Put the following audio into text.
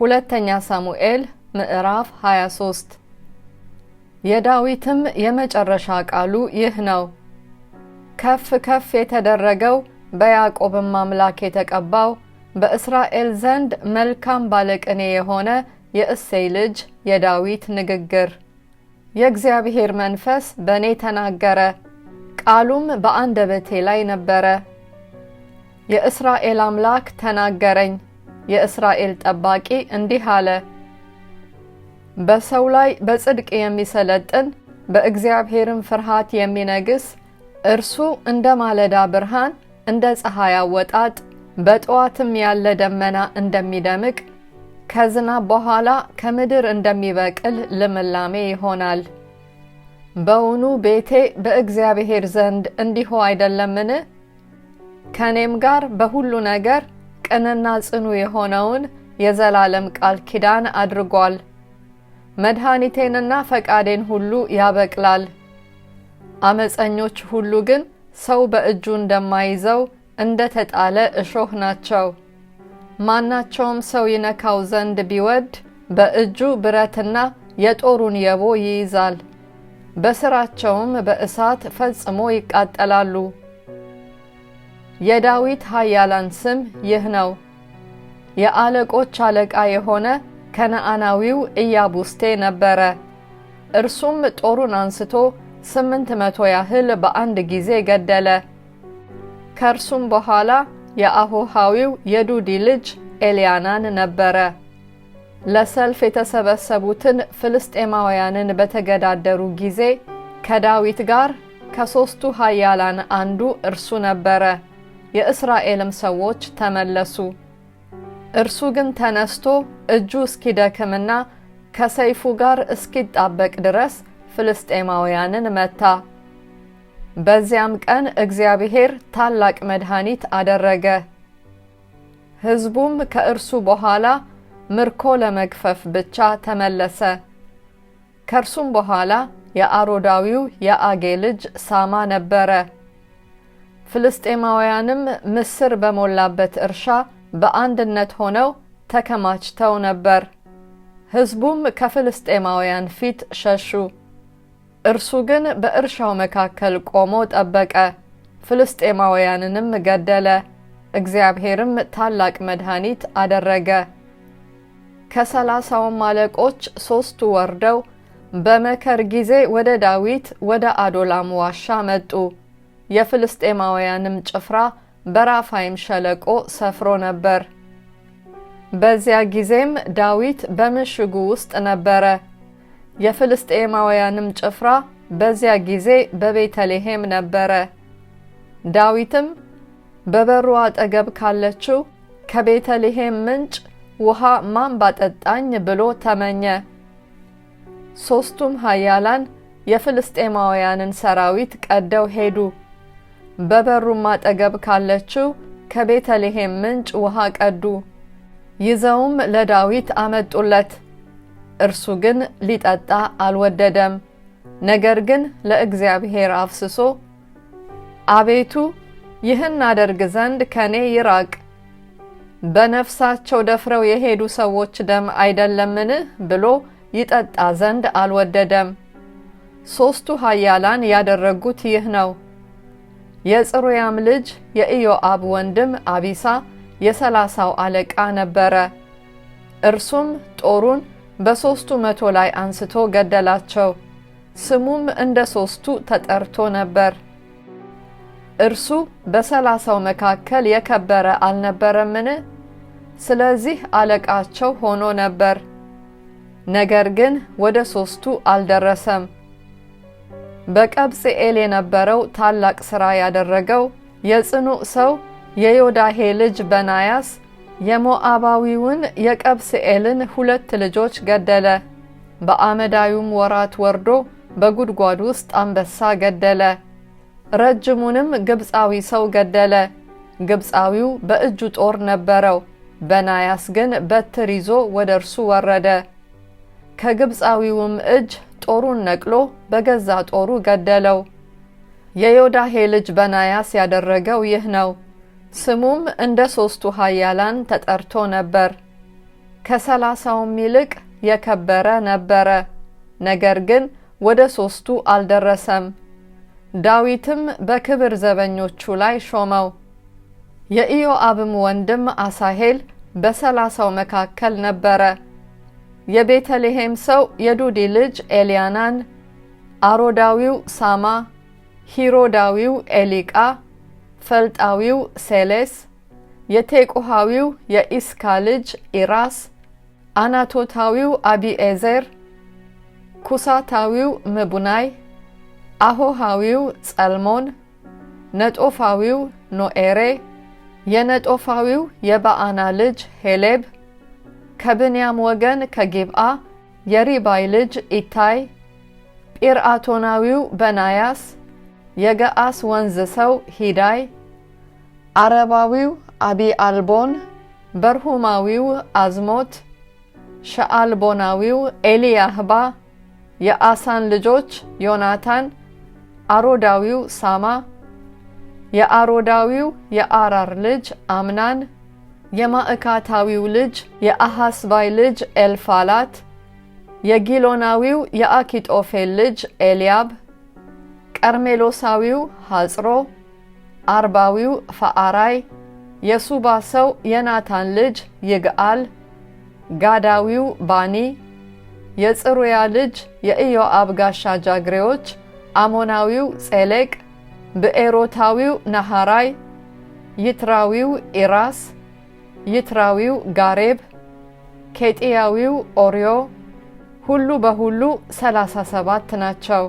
ሁለተኛ ሳሙኤል ምዕራፍ 23 የዳዊትም የመጨረሻ ቃሉ ይህ ነው። ከፍ ከፍ የተደረገው በያዕቆብም አምላክ የተቀባው በእስራኤል ዘንድ መልካም ባለቅኔ የሆነ የእሴይ ልጅ የዳዊት ንግግር። የእግዚአብሔር መንፈስ በእኔ ተናገረ፣ ቃሉም በአንደበቴ ላይ ነበረ። የእስራኤል አምላክ ተናገረኝ የእስራኤል ጠባቂ እንዲህ አለ፣ በሰው ላይ በጽድቅ የሚሰለጥን በእግዚአብሔርም ፍርሃት የሚነግስ እርሱ እንደ ማለዳ ብርሃን እንደ ፀሐይ አወጣጥ በጠዋትም ያለ ደመና እንደሚደምቅ ከዝናብ በኋላ ከምድር እንደሚበቅል ልምላሜ ይሆናል። በውኑ ቤቴ በእግዚአብሔር ዘንድ እንዲሁ አይደለምን? ከእኔም ጋር በሁሉ ነገር ቅንና ጽኑ የሆነውን የዘላለም ቃል ኪዳን አድርጓል። መድኃኒቴንና ፈቃዴን ሁሉ ያበቅላል። አመፀኞች ሁሉ ግን ሰው በእጁ እንደማይዘው እንደ ተጣለ እሾህ ናቸው። ማናቸውም ሰው ይነካው ዘንድ ቢወድ በእጁ ብረትና የጦሩን የቦ ይይዛል። በስራቸውም በእሳት ፈጽሞ ይቃጠላሉ። የዳዊት ኃያላን ስም ይህ ነው። የአለቆች አለቃ የሆነ ከነአናዊው ኢያቡስቴ ነበረ። እርሱም ጦሩን አንስቶ ስምንት መቶ ያህል በአንድ ጊዜ ገደለ። ከእርሱም በኋላ የአሆሃዊው የዱዲ ልጅ ኤልያናን ነበረ። ለሰልፍ የተሰበሰቡትን ፍልስጤማውያንን በተገዳደሩ ጊዜ ከዳዊት ጋር ከሦስቱ ኃያላን አንዱ እርሱ ነበረ። የእስራኤልም ሰዎች ተመለሱ። እርሱ ግን ተነስቶ እጁ እስኪደክምና ከሰይፉ ጋር እስኪጣበቅ ድረስ ፍልስጤማውያንን መታ። በዚያም ቀን እግዚአብሔር ታላቅ መድኃኒት አደረገ። ሕዝቡም ከእርሱ በኋላ ምርኮ ለመግፈፍ ብቻ ተመለሰ። ከእርሱም በኋላ የአሮዳዊው የአጌ ልጅ ሳማ ነበረ። ፍልስጤማውያንም ምስር በሞላበት እርሻ በአንድነት ሆነው ተከማችተው ነበር። ሕዝቡም ከፍልስጤማውያን ፊት ሸሹ። እርሱ ግን በእርሻው መካከል ቆሞ ጠበቀ፣ ፍልስጤማውያንንም ገደለ። እግዚአብሔርም ታላቅ መድኃኒት አደረገ። ከሰላሳውም አለቆች ሦስቱ ወርደው በመከር ጊዜ ወደ ዳዊት ወደ አዶላም ዋሻ መጡ። የፍልስጤማውያንም ጭፍራ በራፋይም ሸለቆ ሰፍሮ ነበር። በዚያ ጊዜም ዳዊት በምሽጉ ውስጥ ነበረ። የፍልስጤማውያንም ጭፍራ በዚያ ጊዜ በቤተልሔም ነበረ። ዳዊትም በበሩ አጠገብ ካለችው ከቤተልሔም ምንጭ ውሃ ማን ባጠጣኝ ብሎ ተመኘ። ሦስቱም ኃያላን የፍልስጤማውያንን ሰራዊት ቀደው ሄዱ። በበሩም አጠገብ ካለችው ከቤተልሔም ምንጭ ውሃ ቀዱ። ይዘውም ለዳዊት አመጡለት። እርሱ ግን ሊጠጣ አልወደደም። ነገር ግን ለእግዚአብሔር አፍስሶ አቤቱ ይህን አደርግ ዘንድ ከኔ ይራቅ፣ በነፍሳቸው ደፍረው የሄዱ ሰዎች ደም አይደለምን ብሎ ይጠጣ ዘንድ አልወደደም። ሦስቱ ኃያላን ያደረጉት ይህ ነው። የጽሩያም ልጅ የኢዮአብ ወንድም አቢሳ የሰላሳው አለቃ ነበረ። እርሱም ጦሩን በሦስቱ መቶ ላይ አንስቶ ገደላቸው። ስሙም እንደ ሦስቱ ተጠርቶ ነበር። እርሱ በሰላሳው መካከል የከበረ አልነበረምን? ስለዚህ አለቃቸው ሆኖ ነበር። ነገር ግን ወደ ሦስቱ አልደረሰም። በቀብጽኤል የነበረው ታላቅ ሥራ ያደረገው የጽኑዕ ሰው የዮዳሄ ልጅ በናያስ የሞዓባዊውን የቀብስኤልን ሁለት ልጆች ገደለ። በአመዳዩም ወራት ወርዶ በጉድጓድ ውስጥ አንበሳ ገደለ። ረጅሙንም ግብፃዊ ሰው ገደለ። ግብፃዊው በእጁ ጦር ነበረው፣ በናያስ ግን በትር ይዞ ወደ እርሱ ወረደ። ከግብፃዊውም እጅ ጦሩን ነቅሎ በገዛ ጦሩ ገደለው። የዮዳሄ ልጅ በናያስ ያደረገው ይህ ነው። ስሙም እንደ ሦስቱ ኃያላን ተጠርቶ ነበር። ከሰላሳውም ይልቅ የከበረ ነበረ። ነገር ግን ወደ ሦስቱ አልደረሰም። ዳዊትም በክብር ዘበኞቹ ላይ ሾመው። የኢዮአብም ወንድም አሳሄል በሰላሳው መካከል ነበረ። የቤተልሔም ሰው የዱዲ ልጅ ኤልያናን፣ አሮዳዊው ሳማ፣ ሂሮዳዊው ኤሊቃ፣ ፈልጣዊው ሴሌስ፣ የቴቁሃዊው የኢስካ ልጅ ኢራስ፣ አናቶታዊው አቢኤዘር፣ ኩሳታዊው ምቡናይ፣ አሆሃዊው ጸልሞን፣ ነጦፋዊው ኖኤሬ፣ የነጦፋዊው የበአና ልጅ ሄሌብ ከብንያም ወገን ከጌብአ የሪባይ ልጅ ኢታይ፣ ጲርአቶናዊው በናያስ፣ የገአስ ወንዝ ሰው ሂዳይ፣ አረባዊው አቢ አልቦን፣ በርሁማዊው አዝሞት፣ ሸአልቦናዊው ኤሊያህባ፣ የአሳን ልጆች ዮናታን፣ አሮዳዊው ሳማ፣ የአሮዳዊው የአራር ልጅ አምናን የማዕካታዊው ልጅ የአሐስባይ ልጅ ኤልፋላት፣ የጊሎናዊው የአኪጦፌል ልጅ ኤልያብ፣ ቀርሜሎሳዊው ሐጽሮ፣ አርባዊው ፈአራይ፣ የሱባ ሰው የናታን ልጅ ይግአል፣ ጋዳዊው ባኒ፣ የጽሩያ ልጅ የኢዮአብ ጋሻ ጃግሬዎች አሞናዊው ጼሌቅ፣ ብኤሮታዊው ናሃራይ፣ ይትራዊው ኢራስ ይትራዊው ጋሬብ፣ ኬጢያዊው ኦሪዮ ሁሉ በሁሉ ሰላሳ ሰባት ናቸው።